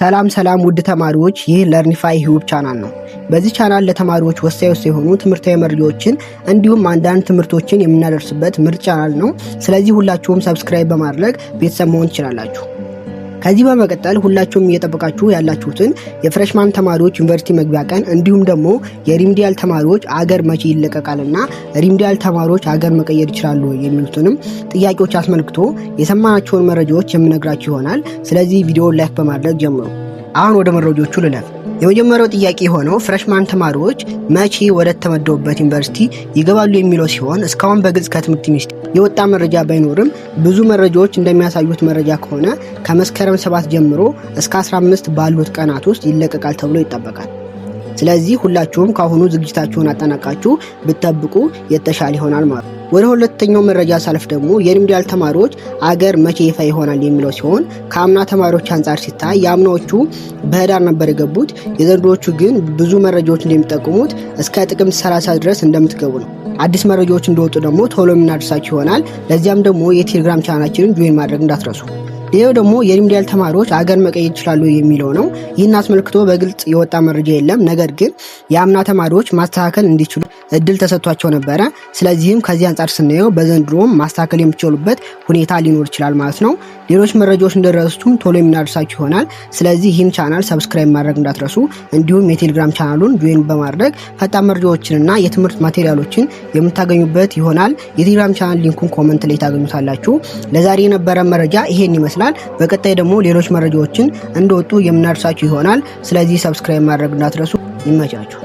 ሰላም ሰላም ውድ ተማሪዎች፣ ይህ ለርኒፋይ ዩቲዩብ ቻናል ነው። በዚህ ቻናል ለተማሪዎች ወሳኝ ወሳኝ የሆኑ ትምህርታዊ መረጃዎችን እንዲሁም አንዳንድ ትምህርቶችን የምናደርስበት ምርጥ ቻናል ነው። ስለዚህ ሁላችሁም ሰብስክራይብ በማድረግ ቤተሰብ መሆን ትችላላችሁ። ከዚህ በመቀጠል ሁላችሁም እየጠበቃችሁ ያላችሁትን የፍሬሽማን ተማሪዎች ዩኒቨርሲቲ መግቢያ ቀን እንዲሁም ደግሞ የሪምዲያል ተማሪዎች አገር መቼ ይለቀቃልና ሪምዲያል ተማሪዎች አገር መቀየር ይችላሉ የሚሉትንም ጥያቄዎች አስመልክቶ የሰማናቸውን መረጃዎች የምነግራችሁ ይሆናል። ስለዚህ ቪዲዮ ላይክ በማድረግ ጀምሩ። አሁን ወደ መረጃዎቹ ልለፍ። የመጀመሪያው ጥያቄ የሆነው ፍረሽማን ተማሪዎች መቼ ወደ ተመደቡበት ዩኒቨርሲቲ ይገባሉ የሚለው ሲሆን እስካሁን በግልጽ ከትምህርት ሚኒስቴር የወጣ መረጃ ባይኖርም ብዙ መረጃዎች እንደሚያሳዩት መረጃ ከሆነ ከመስከረም 7 ጀምሮ እስከ 15 ባሉት ቀናት ውስጥ ይለቀቃል ተብሎ ይጠበቃል። ስለዚህ ሁላችሁም ከአሁኑ ዝግጅታችሁን አጠናቃችሁ ብትጠብቁ የተሻለ ይሆናል ማለት ነው። ወደ ሁለተኛው መረጃ ሳልፍ ደግሞ የሪሚዲያል ተማሪዎች አገር መቼ ይፋ ይሆናል የሚለው ሲሆን ከአምና ተማሪዎች አንጻር ሲታይ የአምናዎቹ በህዳር ነበር የገቡት። የዘንድሮቹ ግን ብዙ መረጃዎች እንደሚጠቁሙት እስከ ጥቅምት 30 ድረስ እንደምትገቡ ነው። አዲስ መረጃዎች እንደወጡ ደግሞ ቶሎ የምናደርሳችሁ ይሆናል። ለዚያም ደግሞ የቴሌግራም ቻናችንን ጆይን ማድረግ እንዳትረሱ። ሌላው ደግሞ የሪሚዲያል ተማሪዎች አገር መቀየር ይችላሉ የሚለው ነው። ይህን አስመልክቶ በግልጽ የወጣ መረጃ የለም። ነገር ግን የአምና ተማሪዎች ማስተካከል እንዲችሉ እድል ተሰጥቷቸው ነበረ። ስለዚህም ከዚህ አንጻር ስናየው በዘንድሮም ማስተካከል የሚችሉበት ሁኔታ ሊኖር ይችላል ማለት ነው። ሌሎች መረጃዎች እንደደረሱትም ቶሎ የምናደርሳችሁ ይሆናል። ስለዚህ ይህን ቻናል ሰብስክራይብ ማድረግ እንዳትረሱ፣ እንዲሁም የቴሌግራም ቻናሉን ጆይን በማድረግ ፈጣን መረጃዎችንና የትምህርት ማቴሪያሎችን የምታገኙበት ይሆናል። የቴሌግራም ቻናል ሊንኩን ኮመንት ላይ ታገኙታላችሁ። ለዛሬ የነበረ መረጃ ይሄን ይመስላል። በቀጣይ ደግሞ ሌሎች መረጃዎችን እንደወጡ የምናደርሳችሁ ይሆናል። ስለዚህ ሰብስክራይብ ማድረግ እንዳትረሱ። ይመቻችሁ።